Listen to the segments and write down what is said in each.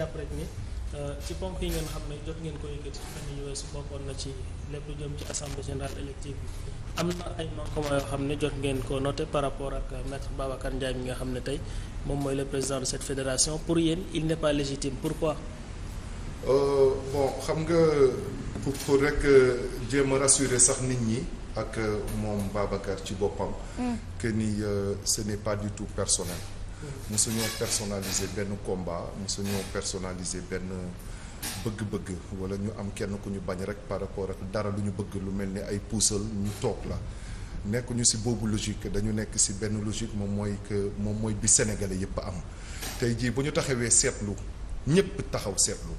jàpp rek ni euh, ci ponk yi ngeen xam ne jot ngeen ko yëkkati ci fan yu weesu bokkoon na ci lépp lu jëm ci assemblée générale élective am na ay manquement yoo xam ne jot ngeen ko noté par rapport ak euh, maître Babacar Ndiaye bi nga xam ne tey moom mooy le président de cette fédération pour yéen il n'est pas légitime pourquoi. Euh, bon xam nga pour pour rek euh, jéem a rassurer sax nit ñi ak moom Babacar ci boppam. Mm. que ni ce n'est pas du tout personnel. mosuñoo personnaliser benn combat mosuñoo personnaliser benn bëgg-bëgg wala ñu am kenn ku ñu bañ rek par rapport ak dara lu ñu bëgg lu mel ni ay puusal ñu toog la nekkuñu si ci boobu logique dañu nekk si benn logique moom mooy que moom mooy bi sénégalais yëpp am tey jii bu ñu taxawee seetlu ñëpp taxaw seetlu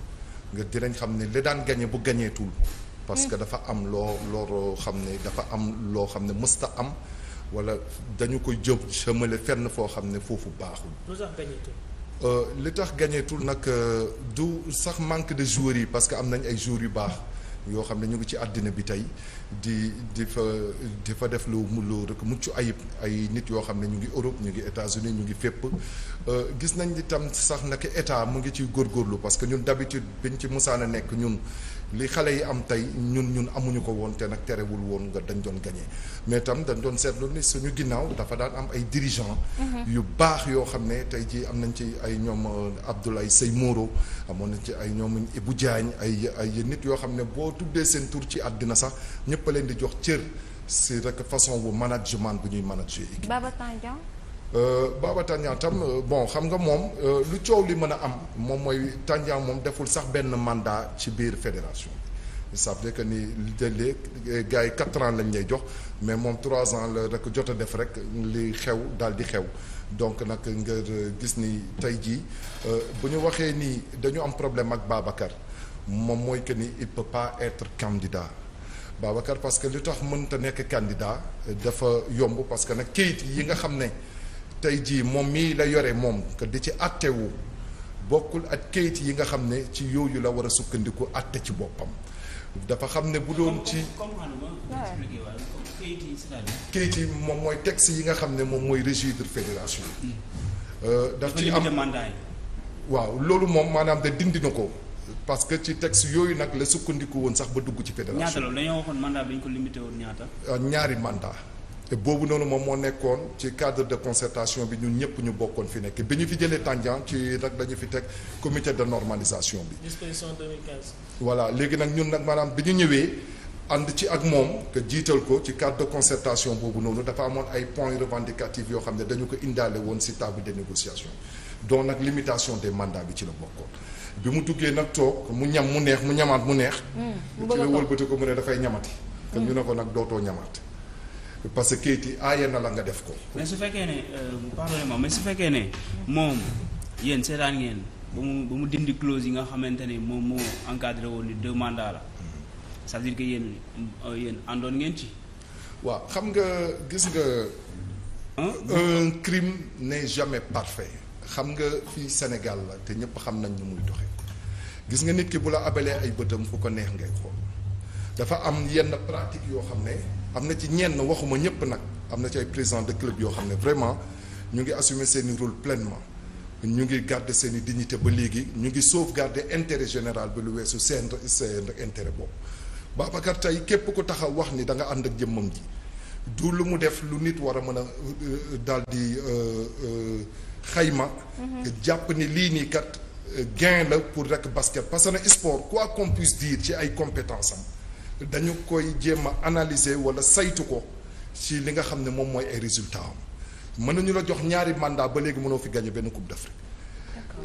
nga dinañ xam ne li daan gañe bu gañeetul parce que mm. dafa am loo loo xam ne dafa am loo xam ne mësta am wala dañu ko jëm jëmale fenn foo xam ne foofu baaxul. lu euh, li tax gañeetul nag euh, du sax manque de joueurs yi parce que am nañ ay joueurs yu baax yoo xam ne ñu ngi ci àddina bi tey di di fa di fa def lu mu lu rek mucc ayib ay nit yoo xam ne ñu ngi Europe ñu ngi États-Unis ñu ngi fépp. Euh, gis nañ itam sax nag état mu ngi ci góorgóorlu parce que ñun d'habitude biñ ci musaana nekk ñun. li xale yi am tey ñun ñun amuñu ko woon te nag terewul woon nga dañ doon gagné mais tam dañ doon seetlu ni suñu ginnaaw dafa daan am ay dirigeants. Mm-hmm. yu baax yoo xam ne tey jii am nañ ci ay ñoom euh, ay Sey Moro amoon nañ ci ay ñoom bu Diagne ay ay nit yoo xam ne boo tuddee seen tur ci àddina sax ñëpp a leen di jox cër si rek façon bu management bu ñuy manager. Baba Tandian. Euh, Baba Tandian tam euh, bon xam nga moom euh, lu coow li mën a am moom mooy Tandian moom deful sax benn mandat ci biir fédération bi ça que ni li gars yi quatre ans lañ lay jox mais moom trois ans la rek jot a def rek li xew daal di xew donc nag nga gis ni tey jii bu ñu waxee nii dañu am problème ak Babacar moom mooy que ni il peut pas être candidat Babacar parce que li tax mënta nekk candidat dafa yomb parce que nag kayit yi nga xam ne tey jii moom mii la yore moom que di ci wu bokkul ak kayit yi nga xam ne ci yooyu la war a sukkandiku àtte ci boppam dafa xam ne bu doon ci kayit yi moom mooy texte yi nga xam ne moom mooy régir fédération yi hmm. euh, daf ci am waaw loolu moom maanaam da dindi na ko parce que ci texte yooyu nag la sukkandiku woon sax ba dugg ci fédération ñaata la dañoo waxoon mandat bi ko limité woon ñaata euh, ñaari mandat te boobu noonu moom moo nekkoon ci cadre de concertation bi ñun ñëpp ñu bokkoon fi nekk bi ñu fi jëlee Tandian ci nag dañu fi teg comité de normalisation bi. disposition 2015. léegi nag ñun nag maanaam bi ñu ñëwee ànd ci ak moom que jiital ko ci cadre de concertation boobu noonu dafa amoon ay point revendicatifs yoo xam ne dañu ko indaale woon si table de négociation donc nag limitation des mandats bi ci la bokkoon. bi mu tuggee nag toog mu ñam mu neex mu ñamaat mu neex. Hmm, mu a ko ci ko mu ne dafay ñamati. que hmm. ñu ne ko nag dootoo ñamaat. parce que kayit yi na la nga def ko. mais su fekkee ne euh, pardonnez-moi mais su fekkee ne moom yéen seetaan ngeen ba mu ba mu dindi clause yi nga xamante ni moom moo encadré woon ni deux mandats la ça veut que yéen euh, yéen àndoon ngeen ci. waaw xam nga gis nga. crime n'est jamais parfait xam nga fii Sénégal la te ñëpp xam nañ ñu muy doxee gis nga nit ki bu la abalee ay bëtam fu ko neex ngay xool. dafa am yenn pratique yoo xam ne am na ci ñenn waxuma ñëpp nag am na ci ay président de club yoo xam ne vraiment ñu ngi assumer seeni rôle pleinement ñu ngi garder seeni dignité ba léegi ñu ngi sauvegarder intérêt général bi lu weesu seen seen intérêt boobu Babacar tey képp ku taxaw wax ni da nga ànd ak jëmmam ji du lu mu def lu nit war a mën a euh, daal di euh, euh, xayma mm-hmm. jàpp ni lii nii kat gain la pour rek basket parce que na sport quoi qu'on puisse ci ay compétence am dañu koy jéem a analyser wala saytu ko ci li nga xam ne moom mooy ay résultats mën nañu la jox ñaari mandat ba léegi mënoo fi gagné benn coupe d'Afrique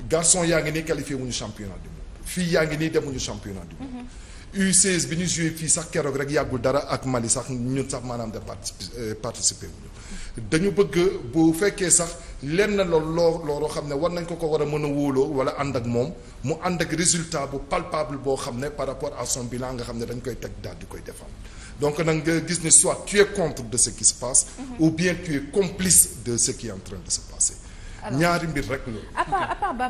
garçon yaa ngi nii qualifié wuñu championnat du monde fii yaa ngi nii demuñu championnat du monde U16 bi ñu joué fii sax keroog rek yàggul dara ak Mali sax ñun sax maanaam de euh, participer wu dañu bëgg bu fekkee sax lenn loolu loo looloo xam ne war nañ ko ko war a mën a wóoloo wala ànd ak moom mu ànd ak résultat bu palpable boo xam ne par rapport à son bilan nga xam ne dañ koy teg daal di koy defal donc nag nga gis ne soit tu es contre de ce qui se passe. Mhm. ou bien tu complice de ce qui est en train de se passer. ñaari mbir rek loolu.